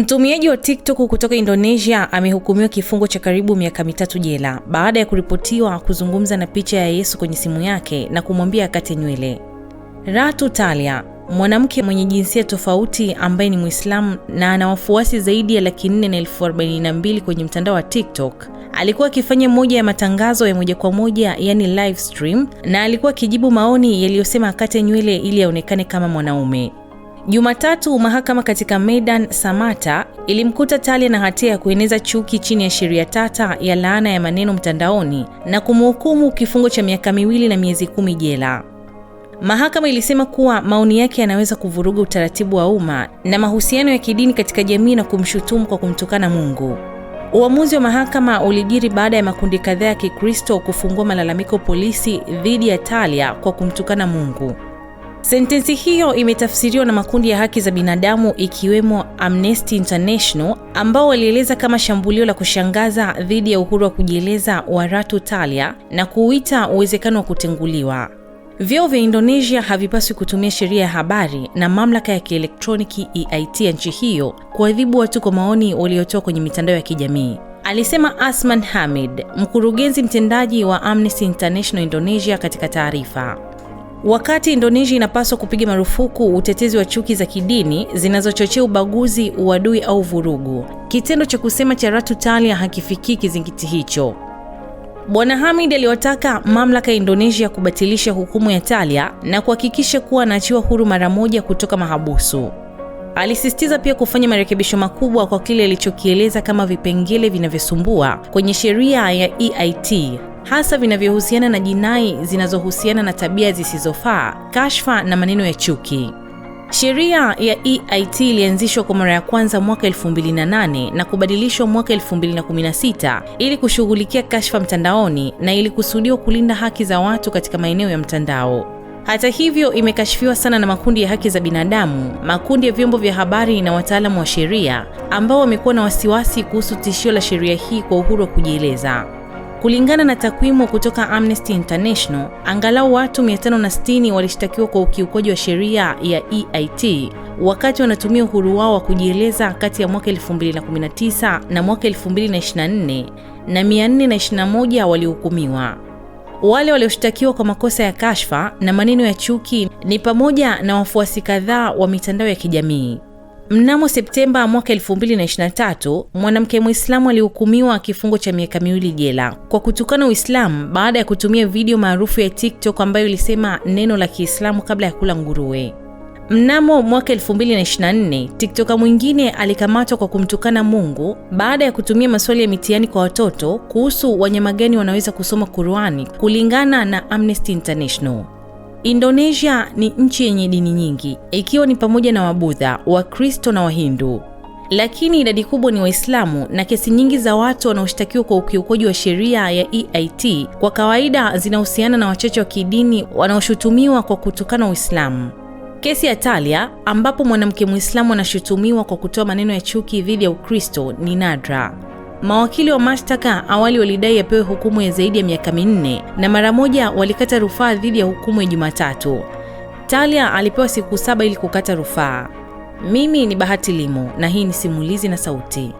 Mtumiaji wa TikTok kutoka Indonesia amehukumiwa kifungo cha karibu miaka mitatu jela baada ya kuripotiwa kuzungumza na picha ya Yesu kwenye simu yake na kumwambia akate nywele. Ratu Talia, mwanamke mwenye jinsia tofauti ambaye ni Mwislamu na ana wafuasi zaidi ya laki nne na elfu arobaini na mbili kwenye mtandao wa TikTok, alikuwa akifanya moja ya matangazo ya moja kwa moja, yani live stream, na alikuwa akijibu maoni yaliyosema akate nywele ili aonekane kama mwanaume. Jumatatu mahakama katika Maidan Samata ilimkuta Talia na hatia ya kueneza chuki chini ya sheria tata ya laana ya maneno mtandaoni na kumhukumu kifungo cha miaka miwili na miezi kumi jela. Mahakama ilisema kuwa maoni yake yanaweza kuvuruga utaratibu wa umma na mahusiano ya kidini katika jamii na kumshutumu kwa kumtukana Mungu. Uamuzi wa mahakama ulijiri baada ya makundi kadhaa ya Kikristo kufungua malalamiko polisi dhidi ya Talia kwa kumtukana Mungu. Sentensi hiyo imetafsiriwa na makundi ya haki za binadamu ikiwemo Amnesty International ambao walieleza kama shambulio la kushangaza dhidi ya uhuru wa kujieleza wa Ratu Talia na kuuita uwezekano wa kutenguliwa. Vyeo vya Indonesia havipaswi kutumia sheria ya habari na mamlaka ya kielektroniki EIT ya nchi hiyo kuadhibu watu kwa maoni waliotoa kwenye mitandao ya kijamii, alisema Asman Hamid, mkurugenzi mtendaji wa Amnesty International Indonesia katika taarifa. Wakati Indonesia inapaswa kupiga marufuku utetezi wa chuki za kidini zinazochochea ubaguzi, uadui au vurugu, kitendo cha kusema cha ratu talia hakifikii kizingiti hicho. Bwana Hamid aliwataka mamlaka ya Indonesia kubatilisha hukumu ya Talia na kuhakikisha kuwa anaachiwa huru mara moja kutoka mahabusu. Alisisitiza pia kufanya marekebisho makubwa kwa kile alichokieleza kama vipengele vinavyosumbua kwenye sheria ya EIT hasa vinavyohusiana na jinai zinazohusiana na tabia zisizofaa, kashfa na maneno ya chuki. Sheria ya EIT ilianzishwa kwa mara ya kwanza mwaka 2008 na kubadilishwa mwaka 2016 ili kushughulikia kashfa mtandaoni na ilikusudiwa kulinda haki za watu katika maeneo ya mtandao. Hata hivyo, imekashifiwa sana na makundi ya haki za binadamu, makundi ya vyombo vya habari na wataalamu wa sheria ambao wamekuwa na wasiwasi kuhusu tishio la sheria hii kwa uhuru wa kujieleza. Kulingana na takwimu kutoka Amnesty International, angalau watu 560 walishtakiwa kwa ukiukaji wa sheria ya EIT wakati wanatumia uhuru wao wa kujieleza kati ya mwaka 2019 na mwaka 2024 na 421 walihukumiwa. Wale walioshtakiwa kwa makosa ya kashfa na maneno ya chuki ni pamoja na wafuasi kadhaa wa mitandao ya kijamii. Mnamo Septemba mwaka 2023 mwanamke Mwislamu alihukumiwa kifungo cha miaka miwili jela kwa kutukana Uislamu baada ya kutumia video maarufu ya TikTok ambayo ilisema neno la Kiislamu kabla ya kula nguruwe. Mnamo mwaka 2024 TikToka mwingine alikamatwa kwa kumtukana Mungu baada ya kutumia maswali ya mitihani kwa watoto kuhusu wanyama gani wanaweza kusoma Qur'ani kulingana na Amnesty International. Indonesia ni nchi yenye dini nyingi ikiwa ni pamoja na Wabudha, Wakristo na Wahindu, lakini idadi kubwa ni Waislamu na kesi nyingi za watu wanaoshtakiwa kwa ukiukaji wa sheria ya EIT kwa kawaida zinahusiana na wachache wa kidini wanaoshutumiwa kwa kutukana Uislamu. Kesi ya Talia ambapo mwanamke Mwislamu anashutumiwa kwa kutoa maneno ya chuki dhidi ya Ukristo ni nadra. Mawakili wa mashtaka awali walidai apewe hukumu ya zaidi ya miaka minne na mara moja walikata rufaa dhidi ya hukumu ya Jumatatu. Talia alipewa siku saba ili kukata rufaa. Mimi ni Bahati Limo na hii ni Simulizi na Sauti.